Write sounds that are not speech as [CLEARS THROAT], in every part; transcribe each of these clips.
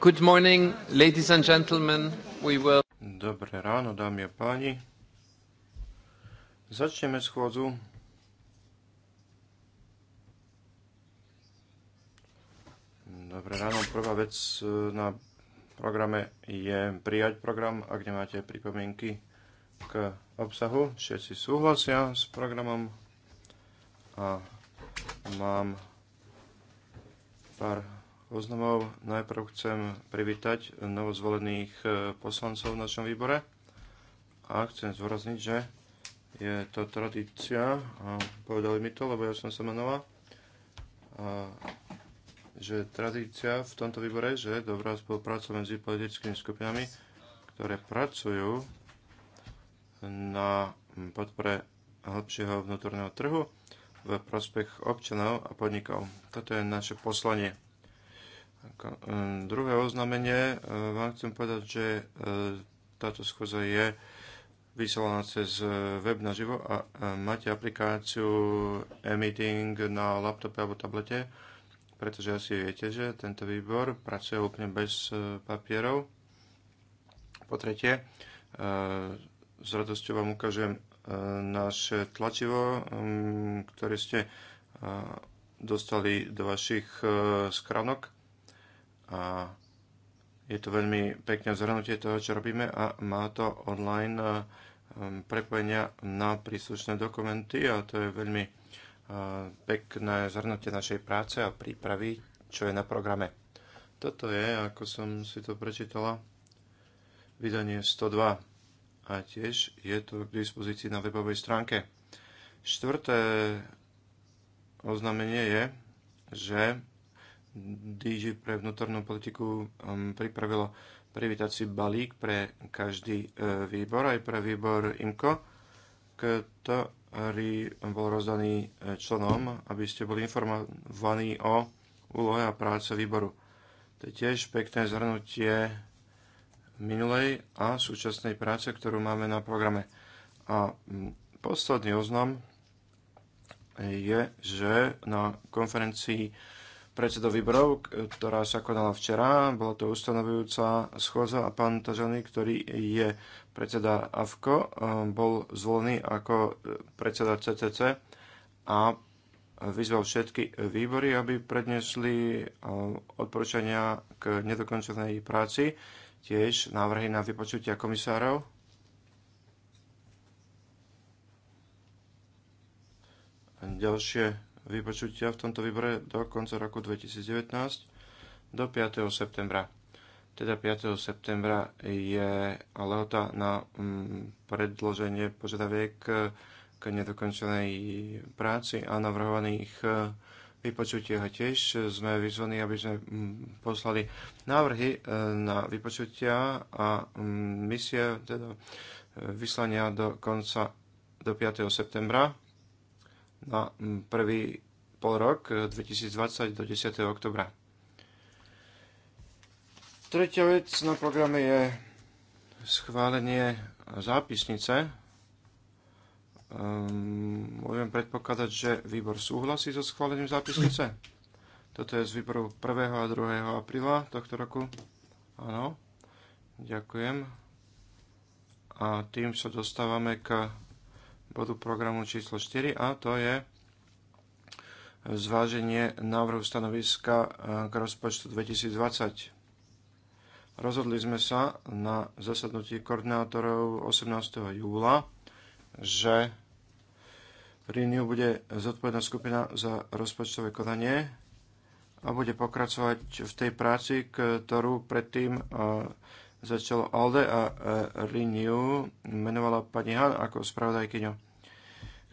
Good morning, ladies and gentlemen. We will... Dobré ráno, dámy a páni. Začneme schôdzu. Dobré ráno. Prvá vec e, na programe je prijať program, ak nemáte pripomienky k obsahu. Všetci súhlasia s programom a mám pár oznamov. Najprv chcem privítať novozvolených e, poslancov v našom výbore a chcem zvorazniť, že je to tradícia, a povedali mi to, lebo ja som sa menoval, a že tradícia v tomto výbore, že je dobrá spolupráca medzi politickými skupinami, ktoré pracujú na podpore hĺbšieho vnútorného trhu v prospech občanov a podnikov. Toto je naše poslanie. E, druhé oznámenie e, vám chcem povedať, že e, táto schôza je vysielaná cez web naživo a máte aplikáciu e-meeting na laptope alebo tablete, pretože asi viete, že tento výbor pracuje úplne bez papierov. Po tretie, s radosťou vám ukážem naše tlačivo, mm, ktoré ste e, dostali do vašich e, skranok. A je to veľmi pekné zhrnutie toho, čo robíme a má to online e, prepojenia na príslušné dokumenty a to je veľmi pekné zhrnutie našej práce a prípravy, čo je na programe. Toto je, ako som si to prečítala, vydanie 102 a tiež je to k dispozícii na webovej stránke. Štvrté oznámenie je, že DG pre vnútornú politiku um, pripravilo privítací balík pre každý e, výbor, aj pre výbor IMCO, ktorý bol rozdaný e, členom, aby ste boli informovaní o úlohe a práce výboru. To je tiež pekné zhrnutie minulej a súčasnej práce, ktorú máme na programe. A posledný oznam je, že na konferencii predseda výborov, ktorá sa konala včera, bola to ustanovujúca schôza a pán Tažany, ktorý je predseda AFKO, bol zvolený ako predseda CCC a vyzval všetky výbory, aby prednesli eh, odporúčania k nedokončenej práci tiež návrhy na vypočutia komisárov. A ďalšie vypočutia v tomto výbore do konca roku 2019 do 5. septembra. Teda 5. septembra je lehota na mm, predloženie požiadaviek k nedokončenej práci a navrhovaných vypočutie ho tiež sme vyzvaní, aby sme mm, poslali návrhy e, na vypočutia a mm, misie teda e, vyslania do konca do 5. septembra na mm, prvý pol rok 2020 do 10. oktobra. Tretia vec na programe je schválenie zápisnice Um, ehm, môžem predpokladať, že výbor súhlasí so schválením zápisnice? Toto je z výboru 1. a 2. apríla tohto roku. Áno, ďakujem. A tým sa dostávame k bodu programu číslo 4 a to je zváženie návrhu stanoviska eh, k rozpočtu 2020. Rozhodli sme sa na zasadnutí koordinátorov 18. júla že Riniu bude zodpovedná skupina za rozpočtové konanie a bude pokračovať v tej práci, ktorú predtým e, začalo ALDE a e, Renew menovala pani Han ako spravodajkyňu.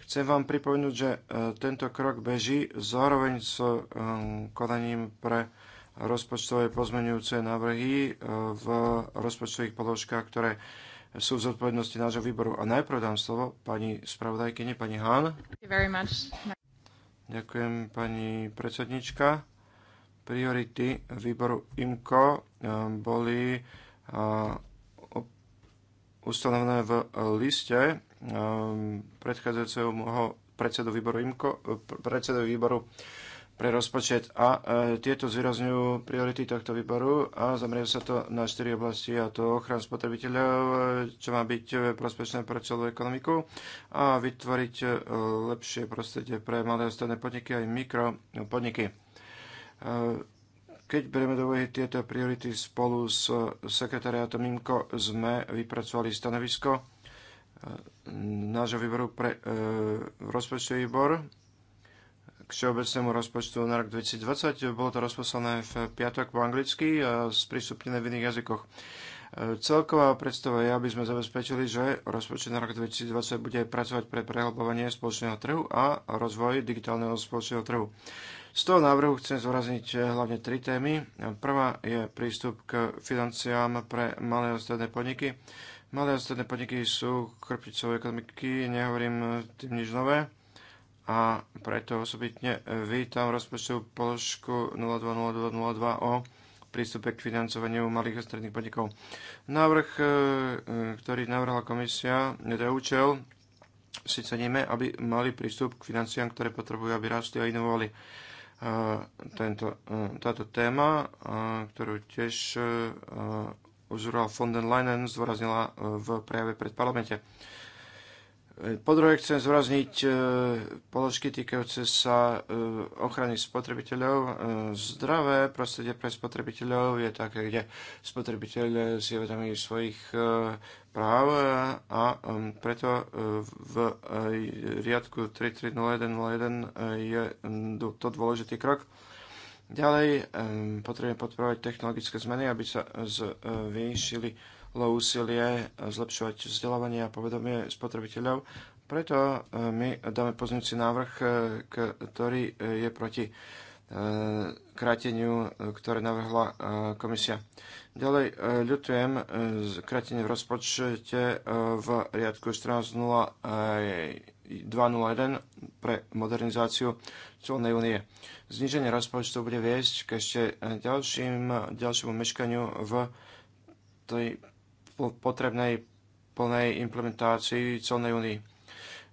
Chcem vám pripomenúť, že e, tento krok beží zároveň s konaním pre rozpočtové pozmenujúce návrhy v rozpočtových položkách, ktoré sú v zodpovednosti nášho výboru. A najprv dám slovo pani spravodajkyne, pani Hán. Ďakujem, pani predsednička. Priority výboru IMCO eh, boli eh, ustanovené v liste eh, predchádzajúceho predsedu výboru IMCO, predsedu výboru pre rozpočet a e, tieto zvýrazňujú priority tohto výboru a zameriavajú sa to na štyri oblasti a to ochran spotrebiteľov, e, čo má byť e, prospešné pre celú ekonomiku a vytvoriť lepšie prostredie pre malé ostatné stredné podniky aj mikropodniky. Keď bereme do úvahy tieto priority spolu s sekretariátom IMCO, sme vypracovali stanovisko nášho výboru pre rozpočtový výbor k všeobecnému rozpočtu na rok 2020. Bolo to rozposlané v piatok po anglicky a sprístupnené v iných jazykoch. Celková predstava je, aby sme zabezpečili, že rozpočet na rok 2020 bude pracovať pre prehlbovanie spoločného trhu a rozvoj digitálneho spoločného trhu. Z toho návrhu chcem zvorazniť hlavne tri témy. Prvá je prístup k financiám pre malé a stredné podniky. Malé a stredné podniky sú chrbticové ekonomiky, nehovorím tým nič nové a preto osobitne vítam rozpočtovú položku 020202 o prístupe k financovaniu malých a stredných podnikov. Návrh, e, ktorý navrhla komisia, je to účel, si ceníme, aby mali prístup k financiám, ktoré potrebujú, aby rastli a inovovali. E, tento, e, táto téma, ktorú tiež uzural von den Leinen, zdôraznila v prejave pred parlamente. Po druhé chcem zvrazniť e, položky týkajúce sa e, ochrany spotrebiteľov. E, zdravé prostredie pre spotrebiteľov je také, kde spotrebiteľ si vedomí svojich práv a um, preto v riadku 330101 je to dôležitý krok Ďalej potrebujeme podporovať technologické zmeny, aby sa zvýšili e, úsilie zlepšovať vzdelávanie a povedomie spotrebiteľov. Preto e, my dáme pozniúci návrh, e, ktorý je proti kráteniu, ktoré navrhla komisia. Ďalej ľutujem krátenie v rozpočte v riadku 14.01 201 pre modernizáciu celnej únie. Zniženie rozpočtu bude viesť k ešte ďalším, ďalšiemu meškaniu v tej potrebnej plnej implementácii celnej únii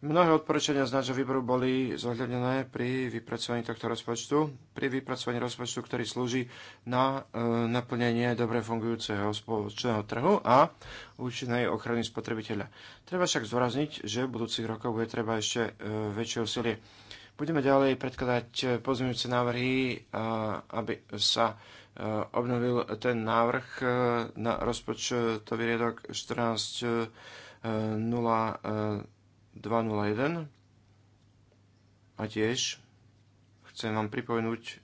Mnohé odporúčania z nášho výboru boli zohľadnené pri vypracovaní tohto rozpočtu, pri vypracovaní rozpočtu, ktorý slúži na e, naplnenie dobre fungujúceho spoločného trhu a účinnej ochrany spotrebiteľa. Treba však zdôrazniť, že v budúcich rokoch bude treba ešte e, väčšie úsilie. Budeme ďalej predkladať pozmeňujúce návrhy, aby sa e, obnovil ten návrh e, na rozpočtový riadok 14.0 201 a tiež chcem vám pripomenúť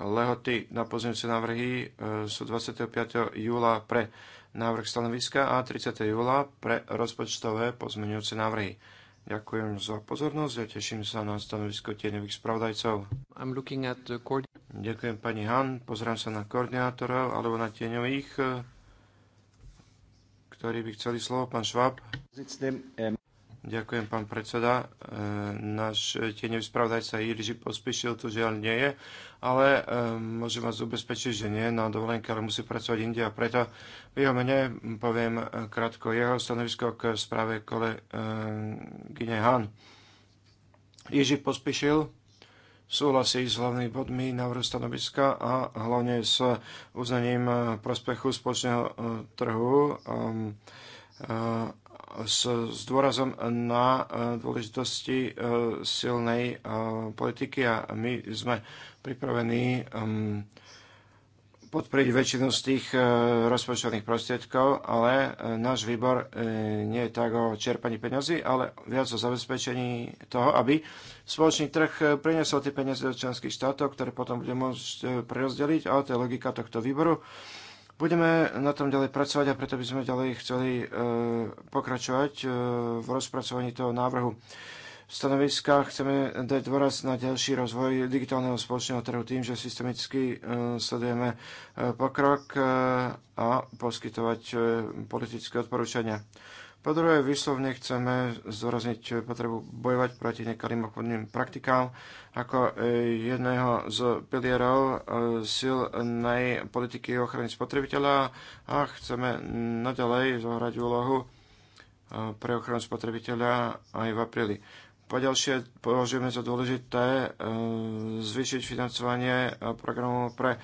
lehoty na pozemce návrhy e, sú 25. júla pre návrh stanoviska a 30. júla pre rozpočtové pozmeňujúce návrhy. Ďakujem za pozornosť a teším sa na stanovisko tieňových spravodajcov. Ďakujem pani Han, pozrám sa na koordinátorov alebo na tieňových, e, ktorí by chceli slovo. Pán Šváb. Ďakujem, pán predseda. E, náš tieňový spravodajca Jiří pospíšil, tu žiaľ nie je, ale e, môžem vás ubezpečiť, že nie na dovolenke, ale musí pracovať inde a preto v jeho mene poviem e, krátko jeho stanovisko k správe Gine Han. Jiří pospíšil súhlasí s hlavnými bodmi návrhu stanoviska a hlavne s uznaním prospechu spoločného trhu s, s dôrazom na e, dôležitosti e, silnej e, politiky a my sme pripravení podporiť väčšinu z tých rozpočtových prostriedkov, ale náš výbor nie je tak o čerpaní peňazí, ale viac o zabezpečení toho, aby spoločný trh priniesol tie peniaze do členských štátov, ktoré potom bude môcť prerozdeliť, ale to je logika tohto výboru. Budeme na tom ďalej pracovať a preto by sme ďalej chceli e, pokračovať e, v rozpracovaní toho návrhu stanoviska chceme dať dôraz na ďalší rozvoj digitálneho spoločného trhu tým, že systemicky e, sledujeme pokrok a poskytovať politické odporúčania. Po druhé, vyslovne chceme zdôrazniť potrebu bojovať proti nekalým obchodným praktikám ako e, jedného z pilierov e, silnej politiky ochrany spotrebiteľa a chceme naďalej zohrať úlohu e, pre ochranu spotrebiteľa aj v apríli. Poďalšie považujeme za dôležité zvýšiť financovanie programu pre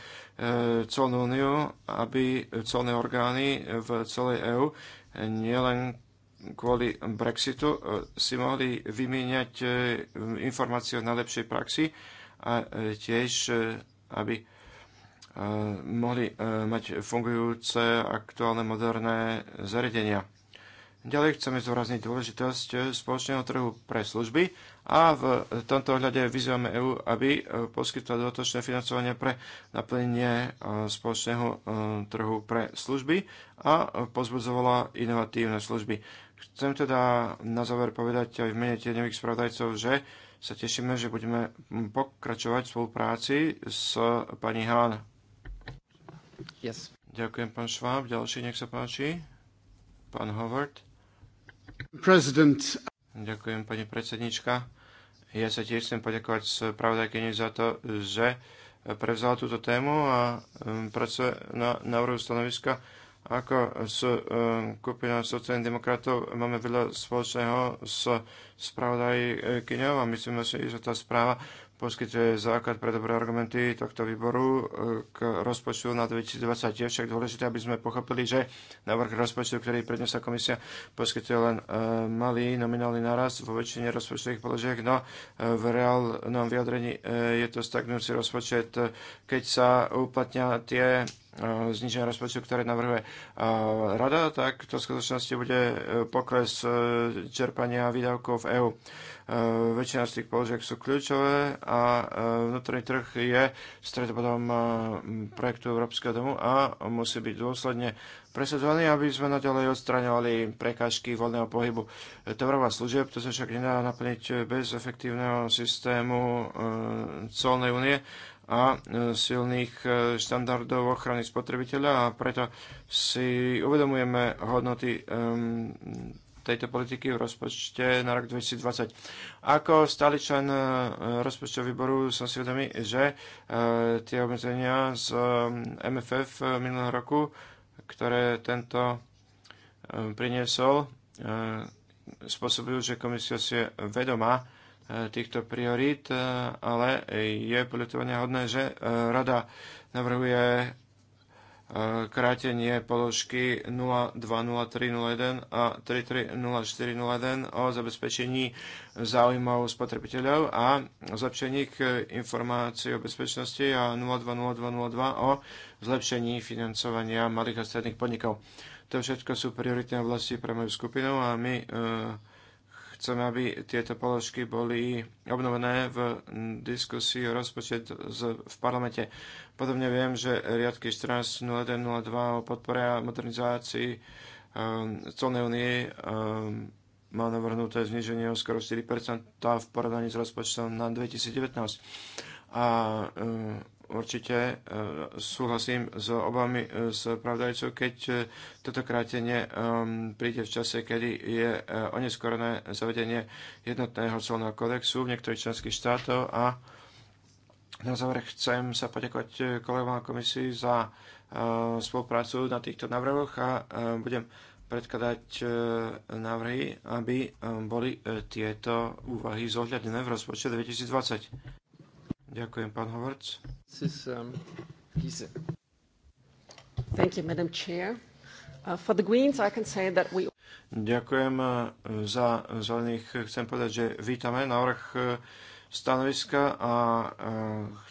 colnú úniu, aby colné orgány v celej EÚ nielen kvôli Brexitu e, si mohli vymieňať e, informácie o najlepšej praxi a e, tiež, aby mohli mať fungujúce, aktuálne, moderné zariadenia. Ďalej chceme zdôrazniť dôležitosť spoločného trhu pre služby a v tomto ohľade vyzývame EÚ, aby poskytla dotočné financovanie pre naplnenie spoločného trhu pre služby a pozbudzovala inovatívne služby. Chcem teda na záver povedať aj v mene tieňových spravodajcov, že sa tešíme, že budeme pokračovať v spolupráci s pani Hán. Yes. Ďakujem, pán Šváb. Ďalší, nech sa páči. Pán Howard. President. Ďakujem, pani predsednička. Ja sa tiež chcem poďakovať spravodajkyni za to, že prevzala túto tému a um, pracuje na na návrhu stanoviska ako s um, skupinou sociálnych demokratov máme veľa spoločného s Kyňov a myslíme si, že tá správa poskytuje základ pre dobré argumenty tohto výboru uh, k rozpočtu na 2020. Je však dôležité, aby sme pochopili, že návrh rozpočtu, ktorý prednesla komisia, poskytuje len uh, malý nominálny nárast vo väčšine rozpočtových položiek, no uh, v reálnom vyjadrení je to stagnujúci rozpočet, keď sa uplatňa tie Eh, zniženia rozpočtu, ktoré navrhuje eh, rada, tak to v skutočnosti bude eh, pokles čerpania výdavkov v EÚ. Väčšina z tých položiek sú kľúčové a vnútorný trh je stredobodom projektu Európskeho domu a musí byť dôsledne presadzovaný, aby sme naďalej odstraňovali prekážky voľného pohybu tovarov a služieb. To sa však nedá naplniť bez efektívneho systému colnej únie a e, silných e, štandardov ochrany spotrebiteľa a preto si uvedomujeme hodnoty tejto politiky v rozpočte na rok 2020. Ako stály člen e, rozpočtového výboru som si vedomý, že tie obmedzenia z MFF minulého roku, ktoré tento priniesol, spôsobujú, že komisia si je vedomá E, týchto priorít, e, ale je poľutovania hodné, že e, rada navrhuje krátenie položky 020301 a 330401 o zabezpečení záujmov spotrebiteľov a zlepšení k informácií o bezpečnosti a 020202 o zlepšení financovania malých a stredných podnikov. To všetko sú prioritné oblasti pre moju skupinu a my e, Chceme, aby tieto položky boli obnovené v diskusii o rozpočet v parlamente. Podobne viem, že riadky 14.01.02 o podpore a modernizácii ehm, colnej únie ehm, má navrhnuté zniženie o skoro 4% v porovnaní s rozpočtom na 2019. A ehm, určite e, súhlasím s obami e, s pravdajcov, keď e, toto krátenie príde v čase, kedy je oneskorené zavedenie jednotného celného kodexu v niektorých členských štátoch a na záver chcem sa poďakovať kolegom komisii za spoluprácu na týchto návrhoch a budem predkladať návrhy, aby boli tieto úvahy zohľadené v rozpočte 2020. Ďakujem, pán Hovorc. This is, um, Thank you, Madam Chair. Uh, for the Greens, I can say that we... Ďakujem uh, za zelených. Chcem povedať, že vítame návrh uh, stanoviska a uh,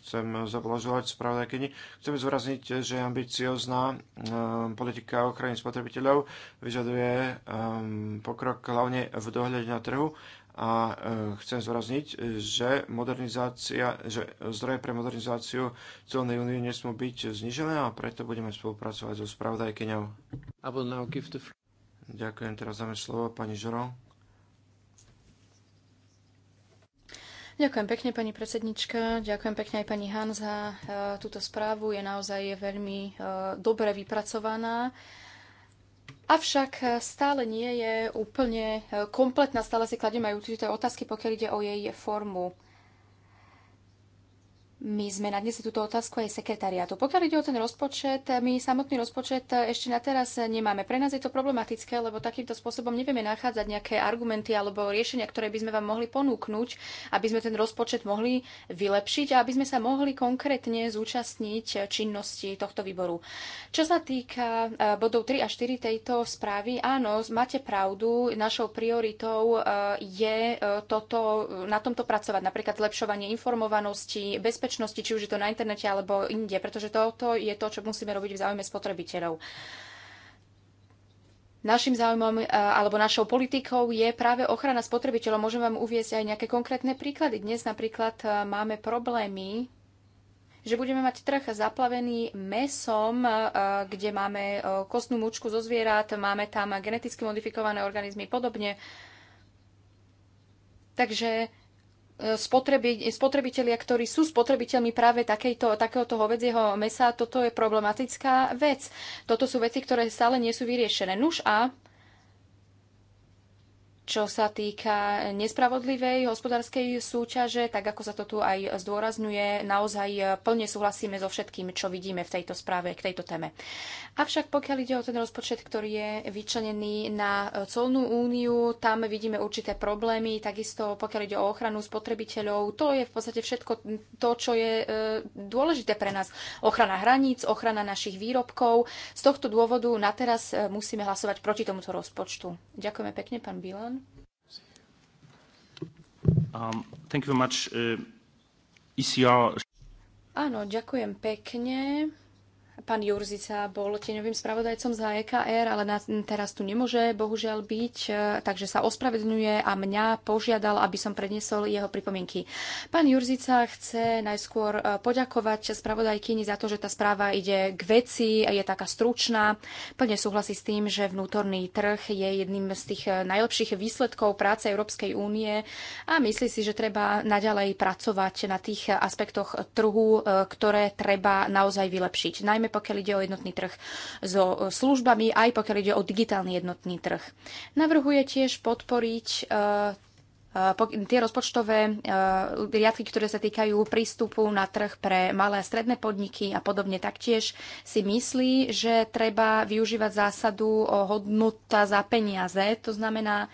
chcem zablažovať spravodajkyni. Chcem zvrazniť, že ambiciozná um, politika ochrany spotrebiteľov vyžaduje um, pokrok hlavne v dohľade na trhu a e, chcem zvorazniť, že, modernizácia, že zdroje pre modernizáciu celnej únie nesmú byť znižené a preto budeme spolupracovať so spravodajkyňou. Ďakujem, teraz dáme slovo pani Žoro. Ďakujem pekne, pani predsednička. Ďakujem pekne aj pani Han za e, túto správu. Je naozaj veľmi e, dobre vypracovaná. Avšak eh, stále nie je úplne eh, kompletná, stále si kladieme aj určité otázky, pokiaľ ide o jej formu. My sme nadnesli túto otázku aj sekretariátu. Pokiaľ ide o ten rozpočet, my samotný rozpočet ešte na teraz nemáme. Pre nás je to problematické, lebo takýmto spôsobom nevieme nachádzať nejaké argumenty alebo riešenia, ktoré by sme vám mohli ponúknuť, aby sme ten rozpočet mohli vylepšiť a aby sme sa mohli konkrétne zúčastniť činnosti tohto výboru. Čo sa týka e, bodov 3 a 4 tejto správy, áno, máte pravdu, našou prioritou e, je e, toto, na tomto pracovať, napríklad zlepšovanie informovanosti, bezpečnosti, bezpečnosti, či už je to na internete alebo inde, pretože toto je to, čo musíme robiť v záujme spotrebiteľov. Našim záujmom e, alebo našou politikou je práve ochrana spotrebiteľov. Môžem vám uviezť aj nejaké konkrétne príklady. Dnes napríklad e, máme problémy, že budeme mať trh zaplavený mesom, e, kde máme kostnú múčku zo zvierat, máme tam geneticky modifikované organizmy podobne. Takže spotrebi- spotrebitelia, ktorí sú spotrebiteľmi práve takejto, takéhoto hovedzieho mesa, toto je problematická vec. Toto sú veci, ktoré stále nie sú vyriešené. Nuž a čo sa týka nespravodlivej hospodárskej súťaže, tak ako sa to tu aj zdôrazňuje, naozaj plne súhlasíme so všetkým, čo vidíme v tejto správe k tejto téme. Avšak pokiaľ ide o ten rozpočet, ktorý je vyčlenený na colnú úniu, tam vidíme určité problémy, takisto pokiaľ ide o ochranu spotrebiteľov, to je v podstate všetko to, čo je e, dôležité pre nás. Ochrana hraníc, ochrana našich výrobkov. Z tohto dôvodu na teraz e, musíme hlasovať proti tomuto rozpočtu. Ďakujeme pekne, pán Bilan. Um, thank you very much. Uh, ECR... Áno, ďakujem pekne. Pán Jurzica bol tieňovým spravodajcom za EKR, ale na, teraz tu nemôže bohužiaľ byť, e, takže sa ospravedlňuje a mňa požiadal, aby som predniesol jeho pripomienky. Pán Jurzica chce najskôr e, poďakovať spravodajkyni za to, že tá správa ide k veci, je taká stručná. Plne súhlasí s tým, že vnútorný trh je jedným z tých e, najlepších výsledkov práce Európskej únie a myslí si, že treba naďalej pracovať na tých aspektoch trhu, ktoré treba naozaj vylepšiť. Najmä pokiaľ ide o jednotný trh so e, službami, aj pokiaľ ide o digitálny jednotný trh. Navrhuje tiež podporiť e, e, tie rozpočtové riadky, ktoré sa týkajú prístupu na trh pre malé a stredné podniky a podobne taktiež si myslí, že treba využívať zásadu hodnota za peniaze. To znamená,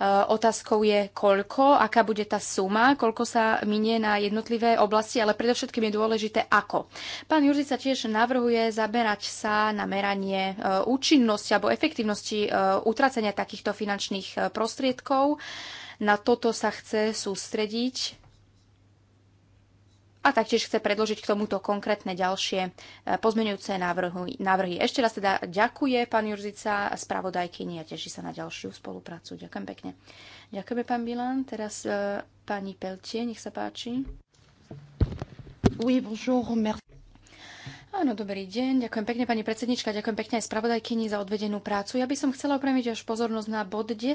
Eh, otázkou je, koľko, aká bude tá suma, koľko sa minie na jednotlivé oblasti, ale predovšetkým je dôležité, ako. Pán Jurzica tiež navrhuje zaberať sa na meranie eh, účinnosti alebo efektívnosti eh, utracenia takýchto finančných prostriedkov. Na toto sa chce sústrediť a taktiež chce predložiť k tomuto konkrétne ďalšie e, pozmenujúce návrhy. návrhy. Ešte raz teda ďakuje pán Jurzica a spravodajkyni a teší sa na ďalšiu spoluprácu. Ďakujem pekne. Ďakujeme pán Bilan. Teraz e, pani Peltie, nech sa páči. Oui, bonjour, merci. Áno, dobrý deň. Ďakujem pekne, pani predsednička. Ďakujem pekne aj spravodajkyni za odvedenú prácu. Ja by som chcela upremiť až pozornosť na bod 10.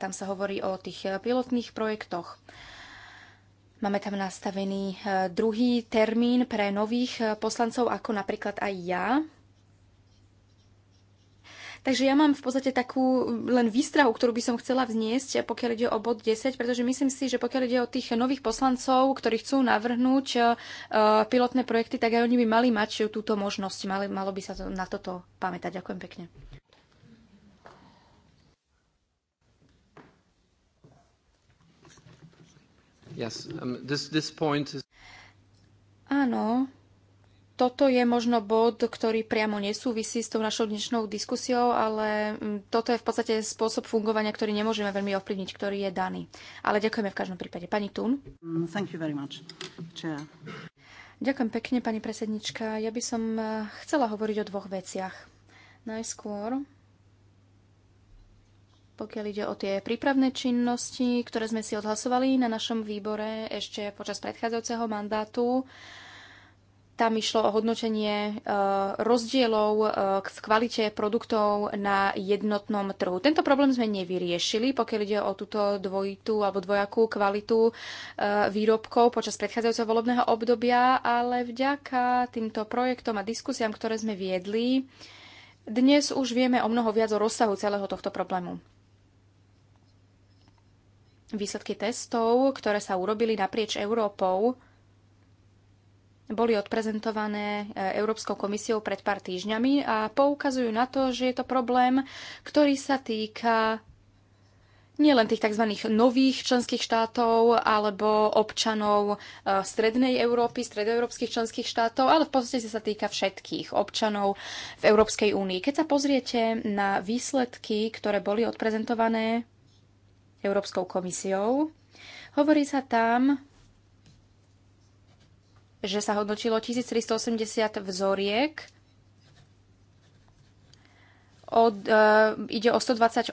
Tam sa hovorí o tých pilotných projektoch. Máme tam nastavený e, druhý termín pre nových e, poslancov, ako napríklad aj ja. Takže ja mám v podstate takú len výstrahu, ktorú by som chcela vzniesť, e, pokiaľ ide o bod 10, pretože myslím si, že pokiaľ ide o tých nových poslancov, ktorí chcú navrhnúť pilotné projekty, tak aj oni by mali mať túto možnosť. Malo by sa na toto pamätať. Ďakujem pekne. Yes, um, this, this point is... Áno, toto je možno bod, ktorý priamo nesúvisí s tou našou dnešnou diskusiou, ale mm, toto je v podstate spôsob fungovania, ktorý nemôžeme veľmi ovplyvniť, ktorý je daný. Ale ďakujeme v každom prípade. Pani Tún. Mm, thank you very much. Chair. Ďakujem pekne, pani predsednička. Ja by som eh, chcela hovoriť o dvoch veciach. Najskôr pokiaľ ide o tie prípravné činnosti, ktoré sme si odhlasovali na našom výbore ešte počas predchádzajúceho mandátu. Tam išlo o hodnotenie e, rozdielov e, v kvalite produktov na jednotnom trhu. Tento problém sme nevyriešili, pokiaľ ide o túto dvojitú alebo dvojakú kvalitu e, výrobkov počas predchádzajúceho volebného obdobia, ale vďaka týmto projektom a diskusiám, ktoré sme viedli, dnes už vieme o mnoho viac o rozsahu celého tohto problému. Výsledky testov, ktoré sa urobili naprieč Európou, boli odprezentované e, Európskou komisiou pred pár týždňami a poukazujú na to, že je to problém, ktorý sa týka nielen tých tzv. nových členských štátov alebo občanov e, strednej Európy, stredoeurópskych členských štátov, ale v podstate sa týka všetkých občanov v Európskej únii. Keď sa pozriete na výsledky, ktoré boli odprezentované Európskou komisiou. Hovorí sa tam, že sa hodnotilo 1380 vzoriek. Od, e, ide o 128 e,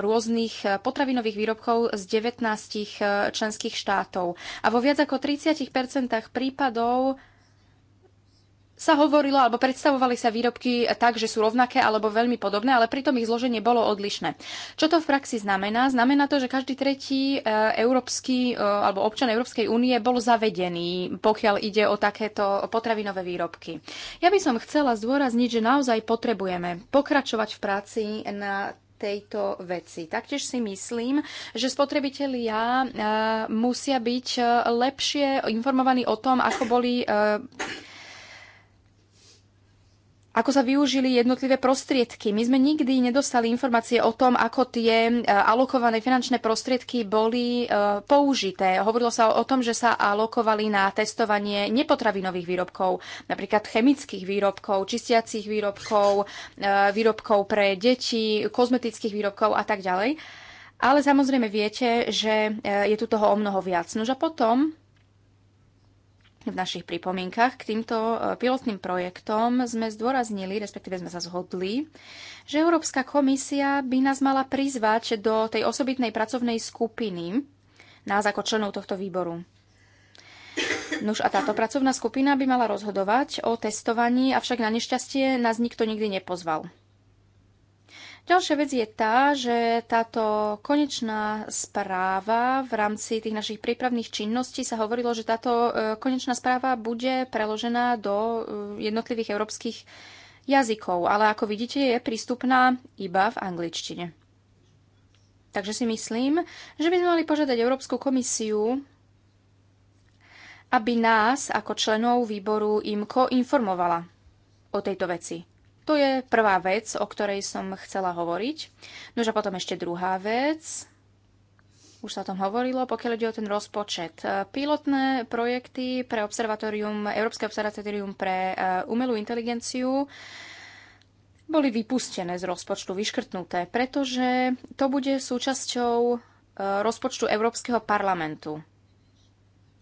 rôznych e, potravinových výrobkov z 19 e, členských štátov. A vo viac ako 30 prípadov sa hovorilo alebo predstavovali sa výrobky tak, že sú rovnaké alebo veľmi podobné, ale pritom ich zloženie bolo odlišné. Čo to v praxi znamená? Znamená to, že každý tretí eh, európsky eh, alebo občan Európskej únie bol zavedený, pokiaľ ide o takéto potravinové výrobky. Ja by som chcela zdôrazniť, že naozaj potrebujeme pokračovať v práci na tejto veci. Taktiež si myslím, že spotrebitelia eh, musia byť lepšie informovaní o tom, ako boli ako sa využili jednotlivé prostriedky. My sme nikdy nedostali informácie o tom, ako tie e, alokované finančné prostriedky boli e, použité. Hovorilo sa o tom, že sa alokovali na testovanie nepotravinových výrobkov, napríklad chemických výrobkov, čistiacich výrobkov, e, výrobkov pre deti, kozmetických výrobkov a tak ďalej. Ale samozrejme viete, že je tu toho o mnoho viac. Nož a potom v našich pripomienkach k týmto e, pilotným projektom sme zdôraznili, respektíve sme sa zhodli, že Európska komisia by nás mala prizvať do tej osobitnej pracovnej skupiny nás ako členov tohto výboru. Nuž a táto pracovná skupina by mala rozhodovať o testovaní, avšak na nešťastie nás nikto nikdy nepozval. Ďalšia vec je tá, že táto konečná správa v rámci tých našich prípravných činností sa hovorilo, že táto e, konečná správa bude preložená do e, jednotlivých európskych jazykov, ale ako vidíte je prístupná iba v angličtine. Takže si myslím, že by sme mali požiadať Európsku komisiu, aby nás ako členov výboru IMCO informovala o tejto veci. To je prvá vec, o ktorej som chcela hovoriť. No a potom ešte druhá vec, už sa o tom hovorilo, pokiaľ ide o ten rozpočet. E, pilotné projekty pre observatórium, Európske observatórium pre e, umelú inteligenciu boli vypustené z rozpočtu, vyškrtnuté, pretože to bude súčasťou e, rozpočtu Európskeho parlamentu.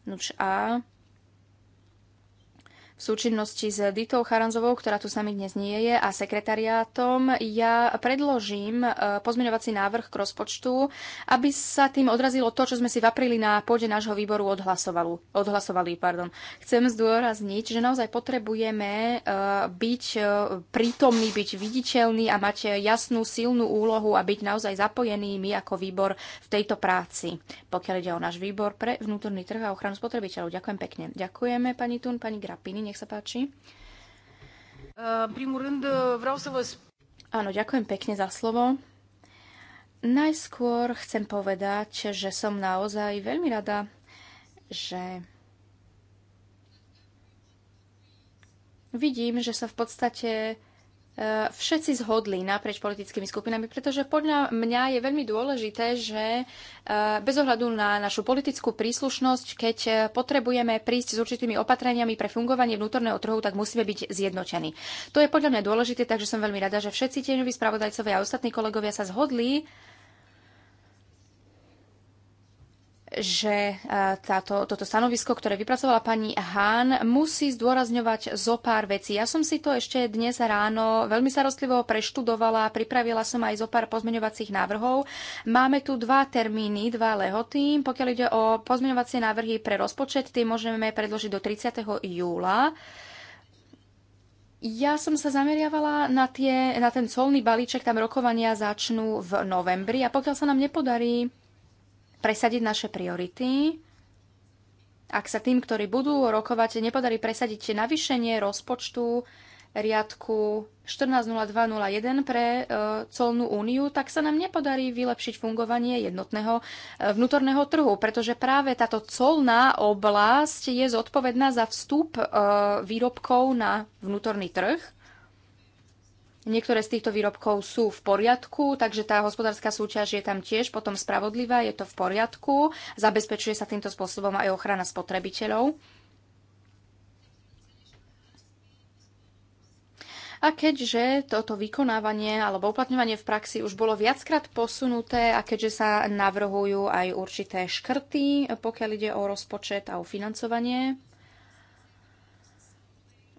Nuž a súčinnosti s Ditou Charanzovou, ktorá tu s nami dnes nie je, a sekretariátom, ja predložím e, pozmeňovací návrh k rozpočtu, aby sa tým odrazilo to, čo sme si v apríli na pôde nášho výboru odhlasovali. odhlasovali pardon. Chcem zdôrazniť, že naozaj potrebujeme e, byť e, prítomný, byť viditeľný a mať jasnú, silnú úlohu a byť naozaj zapojený my ako výbor v tejto práci, pokiaľ ide o náš výbor pre vnútorný trh a ochranu spotrebiteľov. Ďakujem pekne. Ďakujeme pani Tun, pani Grapini nech sa páči. Áno, ďakujem pekne za slovo. Najskôr chcem povedať, že som naozaj veľmi rada, že vidím, že sa v podstate E, všetci zhodli naprieč politickými skupinami, pretože podľa mňa je veľmi dôležité, že e, bez ohľadu na našu politickú príslušnosť, keď e, potrebujeme prísť s určitými opatreniami pre fungovanie vnútorného trhu, tak musíme byť zjednotení. To je podľa mňa dôležité, takže som veľmi rada, že všetci tieňoví spravodajcovia a ostatní kolegovia sa zhodli že e, táto, toto stanovisko, ktoré vypracovala pani Hán, musí zdôrazňovať zo pár vecí. Ja som si to ešte dnes ráno veľmi starostlivo preštudovala, pripravila som aj zo pár pozmeňovacích návrhov. Máme tu dva termíny, dva lehoty. Pokiaľ ide o pozmeňovacie návrhy pre rozpočet, tie môžeme predložiť do 30. júla. Ja som sa zameriavala na, tie, na ten colný balíček, tam rokovania začnú v novembri a pokiaľ sa nám nepodarí presadiť naše priority. Ak sa tým, ktorí budú rokovať, nepodarí presadiť navýšenie rozpočtu riadku 140201 pre e, colnú úniu, tak sa nám nepodarí vylepšiť fungovanie jednotného e, vnútorného trhu, pretože práve táto colná oblasť je zodpovedná za vstup e, výrobkov na vnútorný trh Niektoré z týchto výrobkov sú v poriadku, takže tá hospodárska súťaž je tam tiež potom spravodlivá, je to v poriadku, zabezpečuje sa týmto spôsobom aj ochrana spotrebiteľov. A keďže toto vykonávanie alebo uplatňovanie v praxi už bolo viackrát posunuté a keďže sa navrhujú aj určité škrty, pokiaľ ide o rozpočet a o financovanie,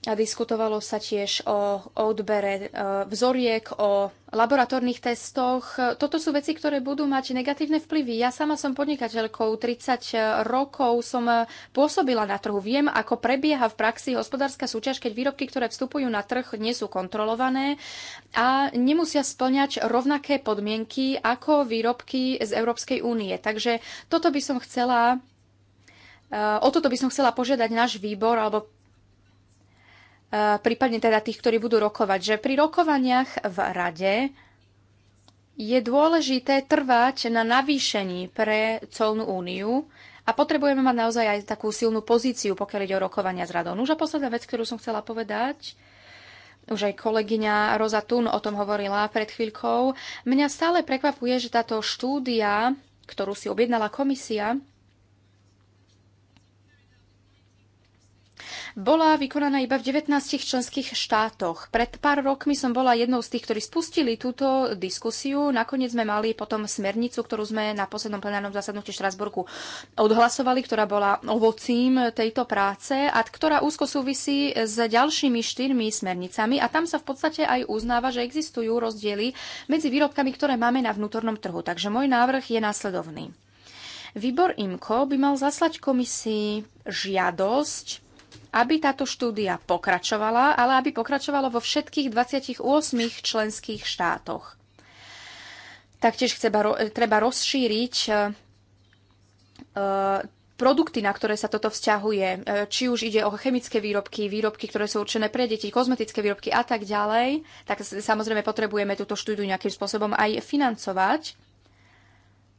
a diskutovalo sa tiež o, odbere e, vzoriek, o laboratórnych testoch. Toto sú veci, ktoré budú mať negatívne vplyvy. Ja sama som podnikateľkou, 30 e, rokov som e, pôsobila na trhu. Viem, ako prebieha v praxi hospodárska súťaž, keď výrobky, ktoré vstupujú na trh, nie sú kontrolované a nemusia splňať rovnaké podmienky ako výrobky z Európskej únie. Takže toto by som chcela O toto by som chcela požiadať náš výbor alebo Eh, prípadne teda tých, ktorí budú rokovať, že pri rokovaniach v rade je dôležité trvať na navýšení pre colnú úniu a potrebujeme mať naozaj aj takú silnú pozíciu, pokiaľ ide o rokovania s radou. Už a posledná vec, ktorú som chcela povedať, už aj kolegyňa Roza Tun o tom hovorila pred chvíľkou. Mňa stále prekvapuje, že táto štúdia, ktorú si objednala komisia, bola vykonaná iba v 19 členských štátoch. Pred pár rokmi som bola jednou z tých, ktorí spustili túto diskusiu. Nakoniec sme mali potom smernicu, ktorú sme na poslednom plenárnom zasadnutí v odhlasovali, ktorá bola ovocím tejto práce a ktorá úzko súvisí s ďalšími štyrmi smernicami. A tam sa v podstate aj uznáva, že existujú rozdiely medzi výrobkami, ktoré máme na vnútornom trhu. Takže môj návrh je následovný. Výbor IMCO by mal zaslať komisii žiadosť aby táto štúdia pokračovala, ale aby pokračovala vo všetkých 28 členských štátoch. Taktiež chceba, treba rozšíriť e, e, produkty, na ktoré sa toto vzťahuje, e, či už ide o chemické výrobky, výrobky, ktoré sú určené pre deti, kozmetické výrobky a tak ďalej, tak samozrejme potrebujeme túto štúdiu nejakým spôsobom aj financovať.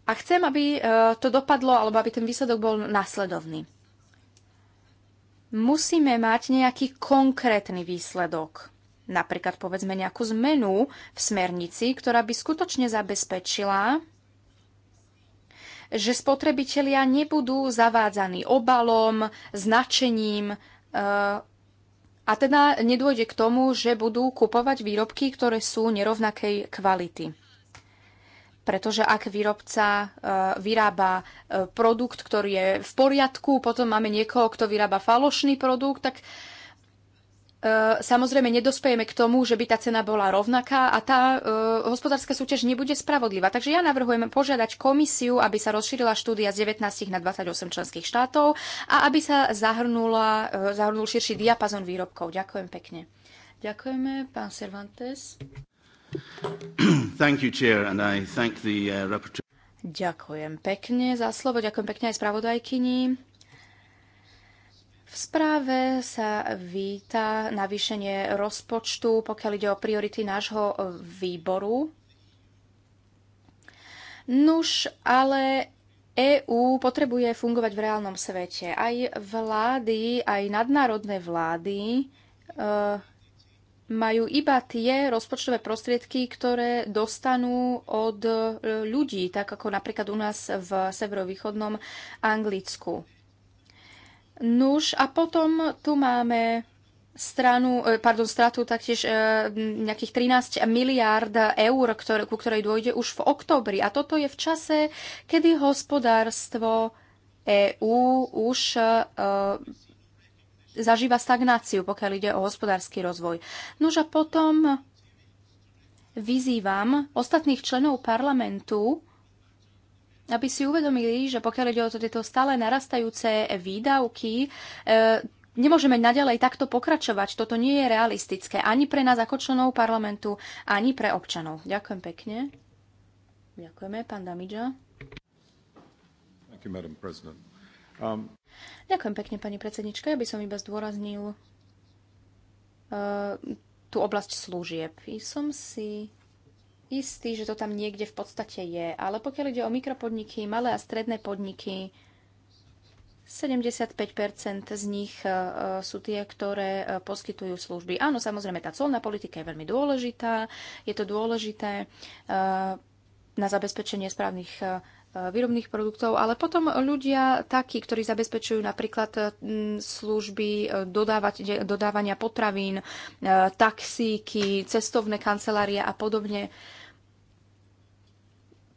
A chcem, aby to dopadlo, alebo aby ten výsledok bol následovný musíme mať nejaký konkrétny výsledok. Napríklad povedzme nejakú zmenu v smernici, ktorá by skutočne zabezpečila, že spotrebitelia nebudú zavádzaní obalom, značením eh, a teda nedôjde k tomu, že budú kupovať výrobky, ktoré sú nerovnakej kvality pretože ak výrobca e, vyrába e, produkt, ktorý je v poriadku, potom máme niekoho, kto vyrába falošný produkt, tak e, samozrejme nedospejeme k tomu, že by tá cena bola rovnaká a tá hospodárska súťaž nebude spravodlivá. Takže ja navrhujem požiadať komisiu, aby sa rozšírila štúdia z 19 na 28 členských štátov a aby sa zahrnula, e, zahrnul širší diapazon výrobkov. Ďakujem pekne. Ďakujeme, pán Cervantes. [CLEARS THROAT] you, Chair, the, uh, rapporteur. ďakujem pekne za slovo, ďakujem pekne aj spravodajkyni. V správe sa víta navýšenie rozpočtu, pokiaľ ide o priority nášho uh, výboru. Nuž, ale EÚ potrebuje fungovať v reálnom svete. Aj vlády, aj nadnárodné vlády uh, majú iba tie rozpočtové prostriedky, ktoré dostanú od e, ľudí, tak ako napríklad u nás v severovýchodnom Anglicku. Nuž a potom tu máme stranu, e, pardon, stratu taktiež e, nejakých 13 miliárd eur, ktoré, ku ktorej dôjde už v oktobri. A toto je v čase, kedy hospodárstvo EÚ už zažíva stagnáciu, pokiaľ ide o hospodársky rozvoj. Nož a potom vyzývam ostatných členov parlamentu, aby si uvedomili, že pokiaľ ide o tieto stále narastajúce výdavky, e, nemôžeme naďalej takto pokračovať. Toto nie je realistické ani pre nás ako členov parlamentu, ani pre občanov. Ďakujem pekne. Ďakujeme, pán Damidža. Thank you, Madam President. Um. Ďakujem pekne, pani predsednička. Ja by som iba zdôraznil uh, tú oblasť služieb. I som si istý, že to tam niekde v podstate je, ale pokiaľ ide o mikropodniky, malé a stredné podniky, 75 z nich uh, sú tie, ktoré uh, poskytujú služby. Áno, samozrejme, tá colná politika je veľmi dôležitá. Je to dôležité uh, na zabezpečenie správnych výrobných produktov, ale potom ľudia takí, ktorí zabezpečujú napríklad e, služby e, dodávať, dodávania potravín, e, taxíky, cestovné kancelárie a podobne.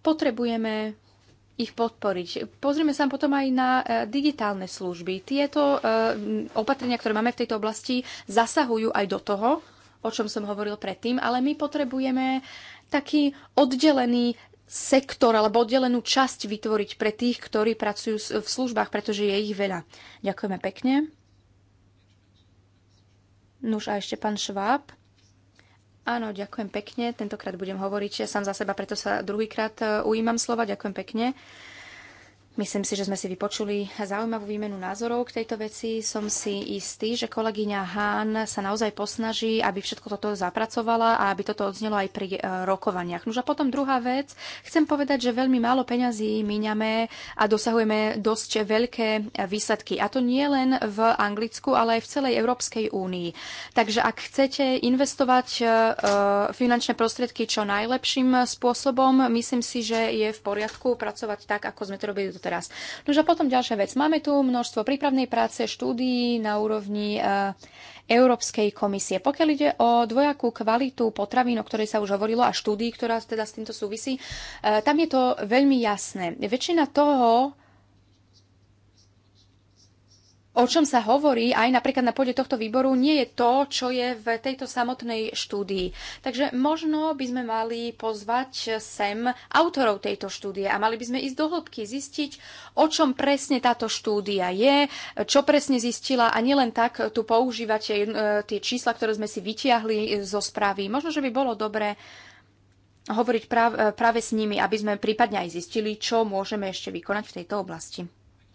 Potrebujeme ich podporiť. Pozrieme sa potom aj na digitálne služby. Tieto opatrenia, ktoré máme v tejto oblasti, zasahujú aj do toho, o čom som hovoril predtým, ale my potrebujeme taký oddelený sektor alebo oddelenú časť vytvoriť pre tých, ktorí pracujú v službách, pretože je ich veľa. Ďakujeme pekne. Nuž a ešte pán Šváb. Áno, ďakujem pekne. Tentokrát budem hovoriť ja sám za seba, preto sa druhýkrát e, ujímam slova. Ďakujem pekne. Uh, Myslím si, že sme si vypočuli zaujímavú výmenu názorov k tejto veci. Som si istý, že kolegyňa Hán sa naozaj posnaží, aby všetko toto zapracovala a aby toto odznelo aj pri e, rokovaniach. No a potom druhá vec. Chcem povedať, že veľmi málo peňazí míňame a dosahujeme dosť veľké e, výsledky. A to nie len v Anglicku, ale aj v celej Európskej únii. Takže ak chcete investovať e, finančné prostriedky čo najlepším spôsobom, myslím si, že je v poriadku pracovať tak, ako sme to robili teraz. No a potom ďalšia vec. Máme tu množstvo prípravnej práce, štúdií na úrovni eh, Európskej komisie. Pokiaľ ide o dvojakú kvalitu potravín, o ktorej sa už hovorilo, a štúdií, ktorá teda s týmto súvisí, eh, tam je to veľmi jasné. Väčšina toho, o čom sa hovorí aj napríklad na pôde tohto výboru, nie je to, čo je v tejto samotnej štúdii. Takže možno by sme mali pozvať sem autorov tejto štúdie a mali by sme ísť do hĺbky, zistiť, o čom presne táto štúdia je, čo presne zistila a nielen tak tu používate e, tie čísla, ktoré sme si vytiahli e, zo správy. Možno, že by bolo dobré hovoriť e, práve s nimi, aby sme prípadne aj zistili, čo môžeme ešte vykonať v tejto oblasti.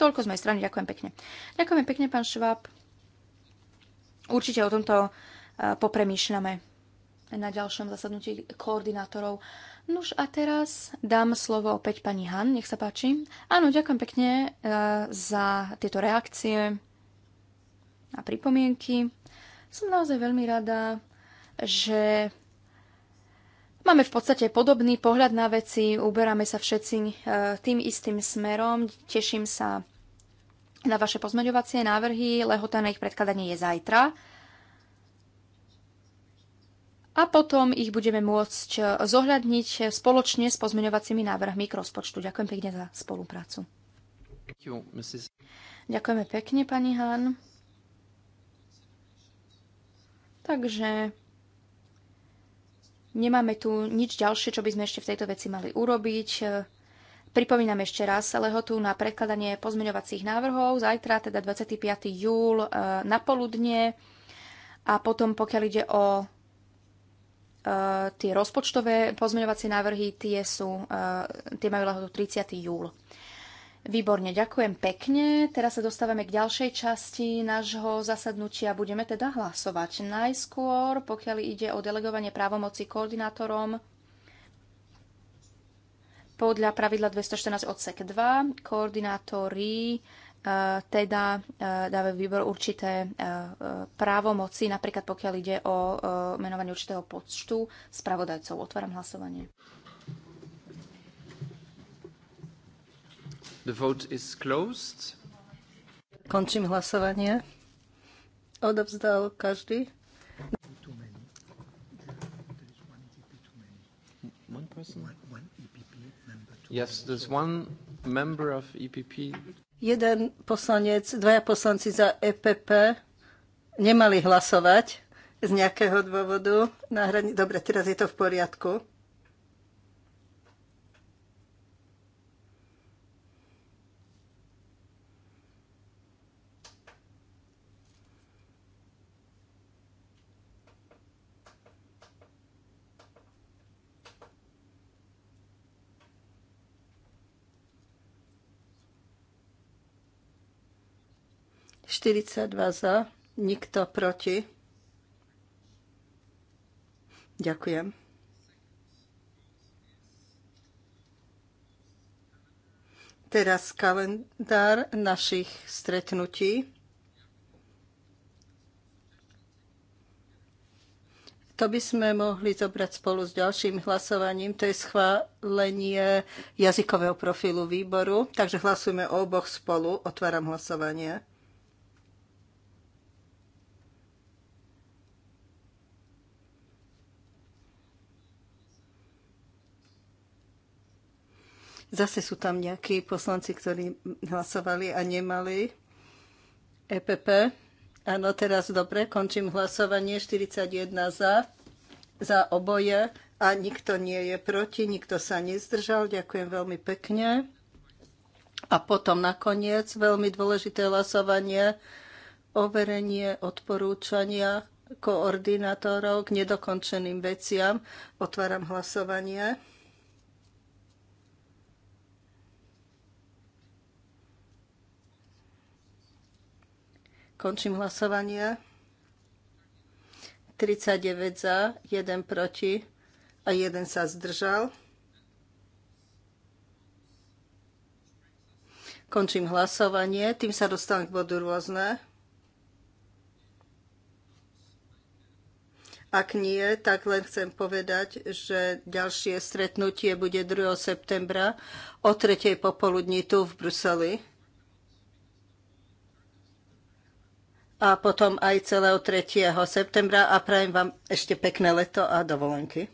Toľko z mojej strany. Ďakujem pekne. Ďakujem pekne, pán Šváb. Určite o tomto e, popremýšľame na ďalšom zasadnutí koordinátorov. Nuž a teraz dám slovo opäť pani Han, nech sa páči. Áno, ďakujem pekne e, za tieto reakcie a pripomienky. Som naozaj veľmi rada, že Máme v podstate podobný pohľad na veci, uberáme sa všetci e, tým istým smerom, teším sa na vaše pozmeňovacie návrhy. Lehota na ich predkladanie je zajtra. A potom ich budeme môcť zohľadniť spoločne s pozmeňovacími návrhmi k rozpočtu. Ďakujem pekne za spoluprácu. Ďakujeme pekne, pani Hán. Takže nemáme tu nič ďalšie, čo by sme ešte v tejto veci mali urobiť. Pripomínam ešte raz lehotu na predkladanie pozmeňovacích návrhov, zajtra teda 25. júl e, na poludne a potom pokiaľ ide o e, tie rozpočtové pozmeňovacie návrhy, tie, sú, e, tie majú lehotu 30. júl. Výborne, ďakujem pekne. Teraz sa dostávame k ďalšej časti nášho zasadnutia. Budeme teda hlasovať najskôr, pokiaľ ide o delegovanie právomoci koordinátorom podľa pravidla 214 odsek 2 koordinátori eh, teda eh, dávajú výbor určité eh, právomoci, napríklad pokiaľ ide o menovanie určitého počtu spravodajcov. Otváram hlasovanie. The vote is closed. Končím hlasovanie. Odovzdal každý. One person? One, one. Yes, there's one member of EPP. Jeden poslanec, dvaja poslanci za EPP nemali hlasovať z nejakého dôvodu. Dobre, teraz je to v poriadku. 42 za, nikto proti. Ďakujem. Teraz kalendár našich stretnutí. To by sme mohli zobrať spolu s ďalším hlasovaním, to je schválenie jazykového profilu výboru. Takže hlasujeme o oboch spolu. Otváram hlasovanie. Zase sú tam nejakí poslanci, ktorí hlasovali a nemali. EPP. Áno, teraz dobre, končím hlasovanie. 41 za, za oboje a nikto nie je proti, nikto sa nezdržal. Ďakujem veľmi pekne. A potom nakoniec veľmi dôležité hlasovanie, overenie odporúčania koordinátorov k nedokončeným veciam. Otváram hlasovanie. Končím hlasovanie. 39 za, 1 proti a 1 sa zdržal. Končím hlasovanie. Tým sa dostanem k bodu rôzne. Ak nie, tak len chcem povedať, že ďalšie stretnutie bude 2. septembra o 3. popoludní tu v Bruseli. a potom aj celého 3. septembra a prajem vám ešte pekné leto a dovolenky.